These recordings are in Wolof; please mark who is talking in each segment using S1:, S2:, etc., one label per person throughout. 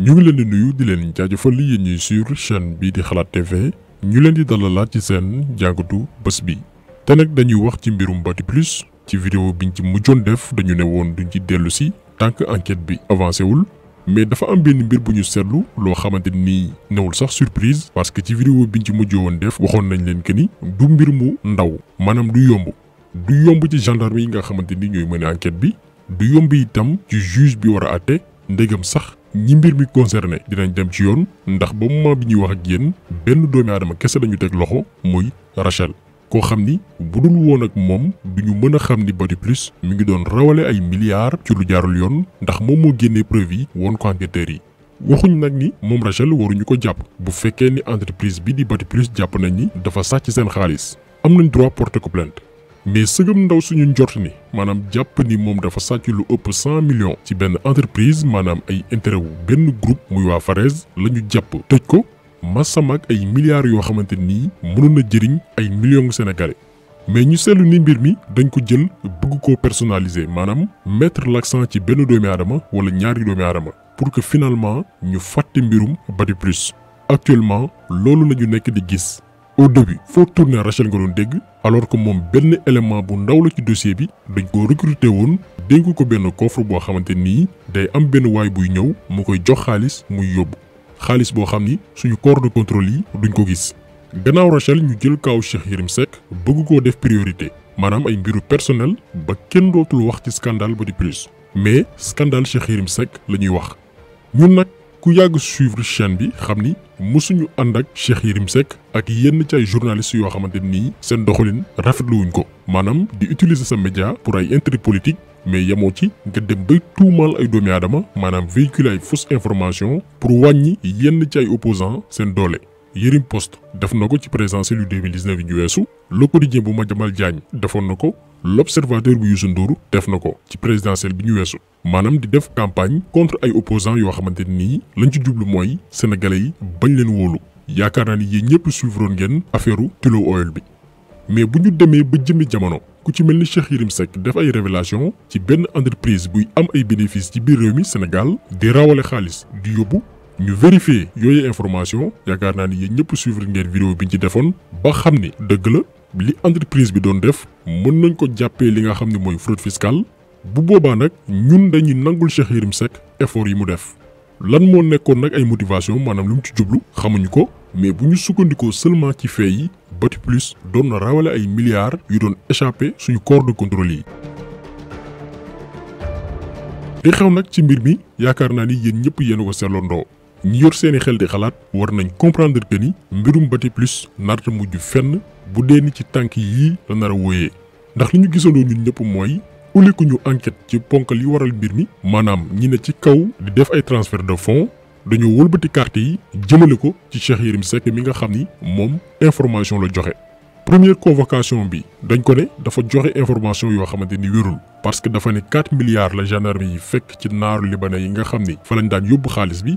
S1: ñu ngi leen di nuyu di leen jaajëfal yéen ñuy suivre chaîne bii di xalaat TV ñu leen di dalalaat ci seen jàngatu bés bi. te nag dañuy wax ci mbirum Bati Plus ci vidéo biñ ci mujjoon def dañu ne woon duñ ci dellu si tant que enquête bi avancé wul. mais dafa am benn mbir bu ñu seetlu loo xamante nii newul sax surprise parce que ci vidéo biñ ci mujj woon def waxoon nañ leen que ni du mbir mu ndaw maanaam du yomb du yomb ci gendarme yi nga xamante ni ñooy mën enquête bi du yomb itam ci juge bi war a àtte ndegam sax ñi mbir mi concerné dinañ dem ci yoon ndax ba moment bi ñuy wax ak yéen benn doomi aadama kese lañu teg loxo muy Rachel koo xam ni bu dul woon ak moom du ñu mën a xam ni Body Plus mi ngi doon rawale ay milliards ci lu jaarul yoon ndax moom moo génnee preuve yi woon ko enquêteurs yi waxuñ nag ni moom Rachel waruñu ko jàpp bu fekkee ni entreprise bi di Body Plus jàpp nañ ni dafa sàcc seen xaalis am nañ droit porter ko plainte mais sëgëm ndaw suñu njort ni maanaam jàpp ni moom dafa sàcc lu ëpp cent millions ci benn entreprise maanaam ay intérêt wu benn groupe muy waa Fares la ñu jàpp tëj ko masam ak ay milliards yoo xamante nii mënoon na jëriñ ay millions sénégalais mais ñu seetlu ni mbir mi dañ ko jël bëgg ko personnaliser maanaam mettre l'accent ci benn doomi aadama wala ñaari doomi aadama pour que finalement ñu fàtte mbirum Batiprus actuellement loolu la ñu nekk di gis au début faut tourner Rachel nga doon alors que mon ben élément bu ndaw la ci dossier bi dañ ko recruter woon dénk ko ben coffre bo xamanteni day am ben way bu ñew mu koy jox xaliss muy yóbbu xaliss bo xamni suñu corps de contrôle yi duñ ko gis. gannaaw Rachel ñu jël kaaw Cheikh Yirim Sek bëgg ko def priorité manam ay mbiru personnel ba kenn dootul wax ci scandale ba di plus mais scandale Cheikh Yirim Sek la ñuy wax ñun nak ku yàgg suivre chaîne bi xamni ni musuñu andak ak Cheikh Yérim Seck ak yenn ci ay journalistes yoo xamante nii seen doxalin rafetlu wuñ ko manam di utiliser sa média pour ay intérêt politique mais yamo ci nga dem bay tuumaal ay doomi adama manam véhiculer ay fausse information pour wàññi yenn ci ay opposants seen doole. Yérim Post def na ci présidentielle 2019 yi ñu weesu Le Quotidien bu ma Diagne defoon defon nako l'observateur bu Youssou Ndour def nako ci présidentiel bi ñu di def campagne contre ay opposants yo xamanteni ni lañ ci djublu moy sénégalais yi bañ leen wolu yaakaar ni ñepp suivre suivroon ngeen affaire Tullow Oil bi. mais bu ñu demee ba jëmmi jamono ku ci melni Cheikh Yérim Seck def ay révélation ci benn entreprise buy am ay bénéfices ci biir réew Sénégal di rawale xaalis di yóbbu. ñu vérifier yooyu information yaakaar naa ni yéen ñëpp suivre ngeen vidéo biñ ci defoon ba xam ni dëgg li entreprise bi doon def mën nañ ko jàppee li nga xam ne mooy fraude fiscale bu boobaa nag ñun dañuy nangul Cheikh Seck effort yi mu def lan moo nekkoon nag ay motivation maanaam lu mu ci jublu xamuñu ko mais bu ñu sukkandikoo seulement ci fee yi Bati Plus doon na rawale ay milliards yu doon échappé suñu corps de contrôle yi. li xew nag ci mbir mi yaakaar naa ni yéen ñëpp yéen a ko ñi yor seeni xel di xalaat war nañ comprendre que ni mbirum Bati Plus narta mujj fenn bu dee ni ci tànk yii la nar a wooyee ndax li ñu gisandoo ñun ñëpp mooy uliku ñu enquête ci ponkal yi waral mbir mi maanaam ñi ne ci kaw di def ay transfert de fonds dañoo wëlbati carte yi jëmale ko ci Cheikh Yérim Seck mi nga xam ni moom information la joxe. première convocation bi dañ ko ne dafa joxe information yoo xamante ni wérul parce que dafa ne 4 milliards la gendarme yi fekk ci naaru libanais yi nga xam ni fa lañ daan yóbbu xaalis bi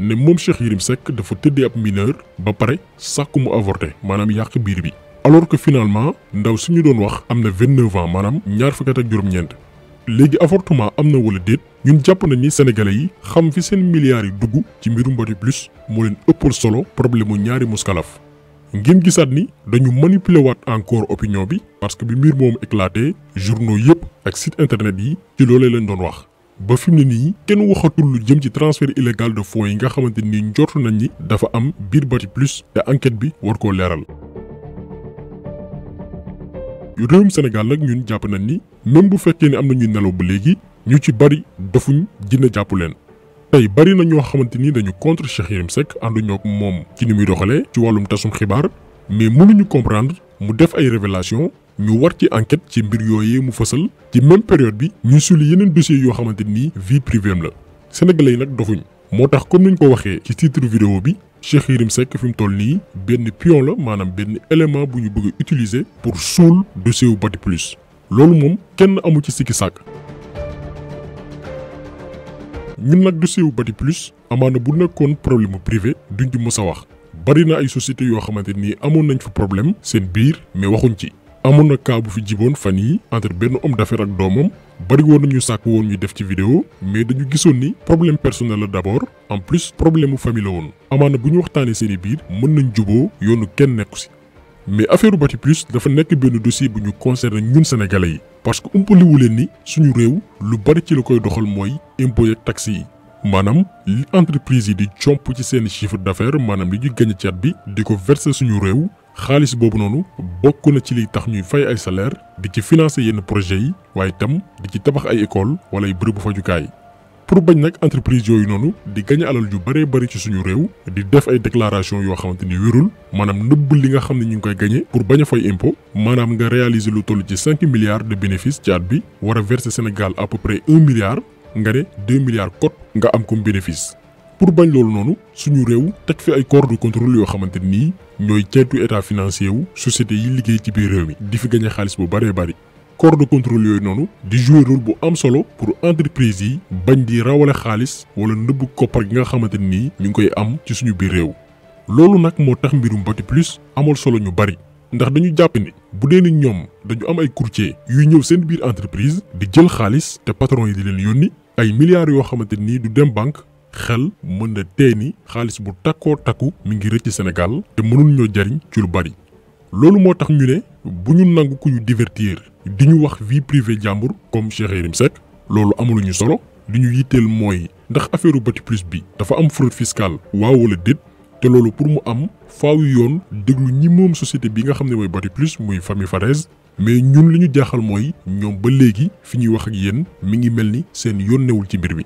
S1: ne moom Cheikh Yérim Seck dafa tëddee ab mineur ba pare sàkku mu avorté maanaam yàq biir bi alors que finalement ndaw suñu doon wax am na vingt neuf ans maanaam ñaar fukki at ak juróom léegi avortement am na wala déet ñun jàpp nañ ni sénégalais yi xam fi seen milliards yi dugg ci mbirum body plus moo leen ëppal solo problème mu ñaari muskalaf ngeen gisaat ni dañu manipuler waat encore opinion bi parce que bi mbir moom éclaté journaux yëpp ak site internet yi ci loolee leen doon wax ba fi mu ne nii kenn waxatul lu jëm ci transfert illégal de fonds yi nga xamante ni njortu nañ ni dafa am biir Bati Plus te enquête bi war koo leeral. réewum Sénégal nag ñun jàpp nañ ni même bu fekkee ne am na ñuy nelaw ba léegi ñu ci bari dofuñ dina jàpp leen. tey bari na ñoo xamante ni dañu contre Cheikh Yérim Seck ànduñoo ak moom ci ni muy doxalee ci wàllum tasum xibaar mais mënuñu comprendre mu def ay révélation ñu war ci enquête ci mbir yoyé mu fësal ci même période bi ñu sulu yeneen dossier yo xamanteni vie privée am la sénégalais yi nag dofuñ motax comme niñ ko waxé ci titre vidéo bi Cheikh Yérim Seck fi toll ni ben pion la manam ben élément bu ñu bëgg utiliser pour soul dossier wu Bati Plus loolu mom kenn amu ci siki sac. ñun nag dossier wu Bati Plus amana bu nekkoon problème privé duñ ci mësa wax bari na ay société yo xamanteni ni amoon nañ fa problème seen biir mais waxuñ ci amuna ka bu fi jiboon fani entre benn homme d'affaires ak doomam bari woon ñu sàkk won ñu def ci vidéo mais dañu gisoon ni problème personnel d'abord en plus problème familial. famille la woon amaana bu ñu waxtaanee seen biir mën nañ jubo yoonu kenn nekku si mais affaire plus dafa nekk benn dossier bu ñu concerné ñun sénégalais yi parce que wu len ni suñu rew lu bari ci likoy doxal moy impôt ak taxes yi li entreprise yi di comp ci seen chiffre d'affaires manam li ñu gagné ci at bi diko ko verser suñu rew khalis bobu nonu bokku na ci li tax ñuy fay ay salaire di ci financer yenn projet yi waye tam di ci tabax ay école wala ay fa jukay pour bañ nak entreprise yoyu nonu di gagne alal ju bare bare ci suñu rew di def ay déclaration yo xamanteni wirul manam neub li nga xamni ñu ngi koy gagne pour baña fay impôt manam nga réaliser lu tollu ci 5 milliards de bénéfices ci at bi wara verser Sénégal à peu près 1 milliard nga né 2 milliards cote nga am comme bénéfice pour bañ lolu nonu suñu rew tek fi ay corps de contrôle yo xamanteni ñooy ceetu état financier wu société yi liggéey ci biir réew mi di fi gagné xaalis bu bare bari corps de contrôle yooyu noonu di jouer rôle bu am solo pour entreprise yi bañ di rawale xaalis wala nëbb koppar gi nga xamante ni ñu ngi koy am ci suñu biir réew loolu nag moo tax mbirum bati plus amul solo ñu bari ndax dañu jàpp ni bu dee ni ñoom dañu am ay courtier yu ñëw seen biir entreprise di jël xaalis te patron yi di leen yónni ay milliards yoo xamante ni du dem banque xel mën na tee ni xaalis bu takkoo takku mi ngi rëcc Sénégal te mënul ñoo jariñ ci lu bari loolu moo tax ñu ne bu ñu nangu ku ñu divertir di ñu wax vie privée jàmbur comme Cheikh Yérim Seck loolu ñu solo li ñu yitteel mooy ndax affaireu Bati Plus bi dafa am fraude fiscale waaw wala déet te loolu pour mu am faaw yoon déglu ñi moom société bi nga xam ne mooy Bati Plus muy famille Farès mais ñun li ñu jaaxal mooy ñoom ba léegi fi ñuy wax ak yéen mi ngi mel ni seen yoon newul ci mbir mi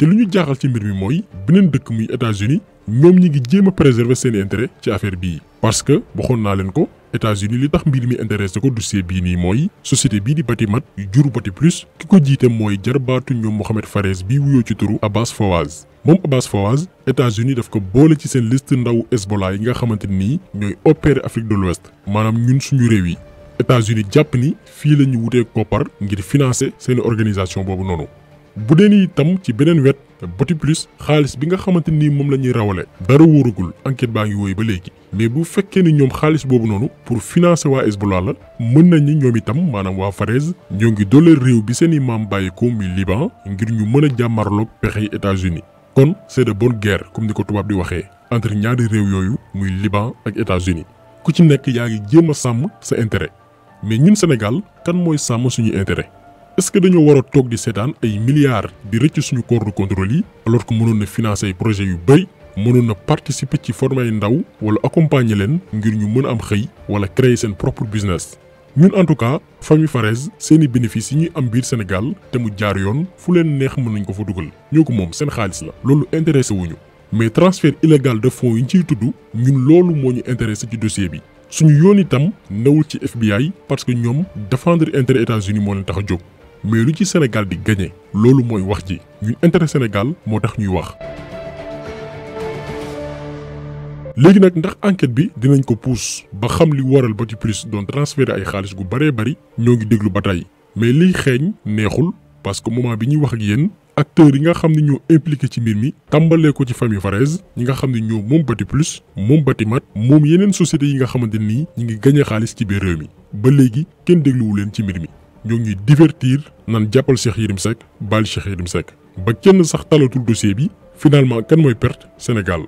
S1: té luñu ñu jaaxal ci mbir mi moy benen dëkk muy États-Unis ñom ñi ngi jéma préserver seen intérêt ci affaire bi parce que waxoon na leen ko États-Unis li tax mbir mi intéressé ko dossier bi ni moy société bi di Batimat yu juru Bati Plus kiko jité moy jarbaatu ñom Mohamed Fares bi wuyoo ci turu Abbas Fawaz mom Abbas Fawaz États-Unis daf ko bolé ci seen liste ndaw Hezbollah yi nga xamante ni ñooy opérer Afrique de l'Ouest manam ñun suñu réew yi États-Unis japp ni fi lañu wuté wutee koppar ngir financer seen organisation bobu noonu bu dee itam ci beneen wet boti plus xaalis bi nga xamante ni moom la ñuy rawale dara wóoragul enquête baa ngi wooyu ba léegi mais bu fekkee ni ñoom xaalis boobu noonu pour financer waa Hezbollah la mën nañ ni ñoom itam maanaam waa Fares ñoo ngi dooleel réew bi seen i maam bàyyi ko muy Liban ngir ñu mën a jàmmarloog pexey États-Unis kon c'est de bonne guerre comme ni ko tubaab bi waxee entre ñaari réew yooyu muy Liban ak États-Unis ku ci nekk yaa ngi jéem a sàmm sa intérêt mais ñun Sénégal kan mooy sàmm suñu intérêt est-ce que dañoo war tok di seetaan ay milliards di recc suñu corps de contrôle yi alors que mënoon na financer ay projets yu bëri mënoon na participer ci former yi ndaw wala accompagner len ngir ñu mëna am xey wala créer sen propre business. ñun en tout cas famille Farès seeni bénéfices yi ñuy am biir Sénégal té mu jaar yoon fu len neex mënuñ ko fa duggal ñoko mom sen xaliss la lolu intéressé wuñu mais transfert illégal de fonds yi ci ciy tudd ñun lolu moñu intéressé ci dossier bi suñu yoon itam newul ci FBI parce que ñom défendre intérêt États-Unis mo leen tax mais lu ci Sénégal di gagné lolu moy wax ji ñun intérêt Sénégal motax ñuy wax. léegi nak ndax enquête bi dinañ ko pousse ba xam li waral ba ci plus doon transféré ay xaalis gu bari bari ñogi déglu mais li xéñ neexul parce que moment bi ñi wax ak yeen acteurs yi nga xamni ne ñoo impliqué ci mbir mi tàmbalee ko ci famille Farès ñi nga xamni ne ñoo moom Bati plus mom Bati mat mom yeneen société yi nga xamanteni ñi ngi gañe xaalis ci biir réew mi ba légui kenn dégluwu leen ci mbir mi. ñoo ngi divertir nan jàppal Cheikh Yérim Seck baal Cheikh Yérim Seck ba kenn sax talatul dossier bi finalement kenn mooy perte Sénégal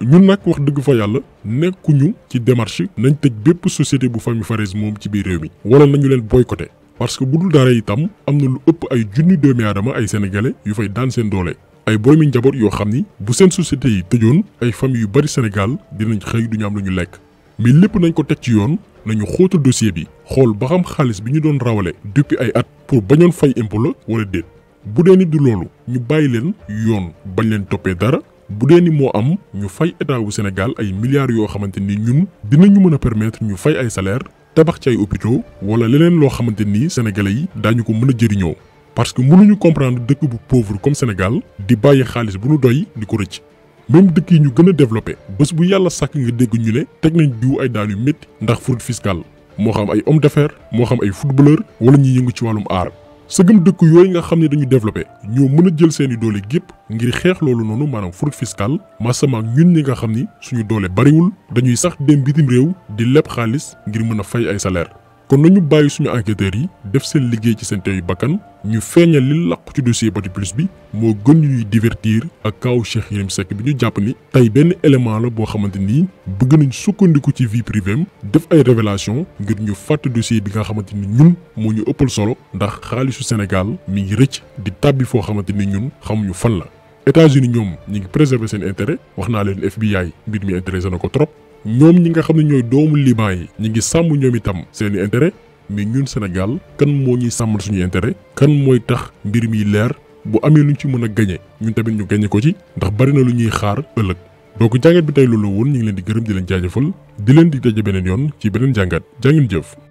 S1: ñun nag wax dëgg fa yàlla nekkuñu ci démarche nañ tëj bépp société bu famille Fares moom ci biir réew mi wala nañu leen boycotté parce que bu dul dara itam am na lu ëpp ay junni doomi aadama ay sénégalais yu fay daan seen doole ay boromi njaboot yoo xam ni bu seen société yi tëjoon ay famille yu bari Sénégal dinañ xëy du ñu am lu ñu lekk mais lépp nañ ko teg ci yoon nañu xóotal dossier bi xool ba xam xaalis bi ñu doon rawale depuis ay at pour bañoon fay impôt la wala déet bu dee ni du loolu ñu bàyyi leen yoon bañ leen toppee dara bu dee ni moo am ñu fay état bu Sénégal ay milliards yoo xamante ni ñun dinañu mën a permettre ñu fay ay salaire tabax ci ay hôpitaux wala leneen loo xamante ni sénégalais yi daañu ko mën a jëriñoo parce que mënuñu comprendre dëkk bu pauvre comme Sénégal di bàyyi xaalis bu nu doy di ko rëcc. même dëkk yi ñu gën a développé bés bu yàlla sàkk nga dégg ñu ne teg nañ diw ay daan yu métti ndax fraude fiscale moo xam ay om d'affaires moo xam ay footballeur wala ñuy yëngu ci wàllum aar sëgëm dëkk yooyu nga xam ne dañu développé ñoo mën a jël seeni doole gépp ngir xeex loolu noonu maanaam fraude fiscale masama ñun ñi nga xam ni suñu doole bariwul dañuy sax dem bitim réew di leb xaalis ngir mën a fay ay salaire kon nañu bàyyi suñu enquêteurs yi def seen liggéey ci seen teyu bakkan ñu feeñal li làqu ci dossier Bati Plus bi moo gën ñuy divertir ak kaaw Cheikh Yérim Seck bi ñu jàpp ni tey benn élément la boo xamante ni bëgg nañ sukkandiku ci vie privée def ay révélation ngir ñu fàtte dossier bi nga xamante ni ñun moo ñu ëppal solo ndax xaalisu Sénégal mi ngi rëcc di tàbbi foo xamante ni ñun xamuñu fan la États-Unis ñoom ñu ngi préserver seen intérêt wax naa leen FBI mbir mi intéressé na ko trop ñoom ñi nga xam ne ñooy doomu liban yi ñu ngi sàmm ñoom itam seen i intérêt mais ñun Sénégal kan moo ñuy sàmmal suñu intérêt kan mooy tax mbir mi leer bu amee luñ ci mën a gañe ñun tamit ñu gañe ko ci ndax bari na lu ñuy xaar ëllëg donc jàngat bi tey loolu woon ñu ngi leen di gërëm di leen jaajëfal di leen di daje beneen yoon ci beneen jàngat jàngin jëf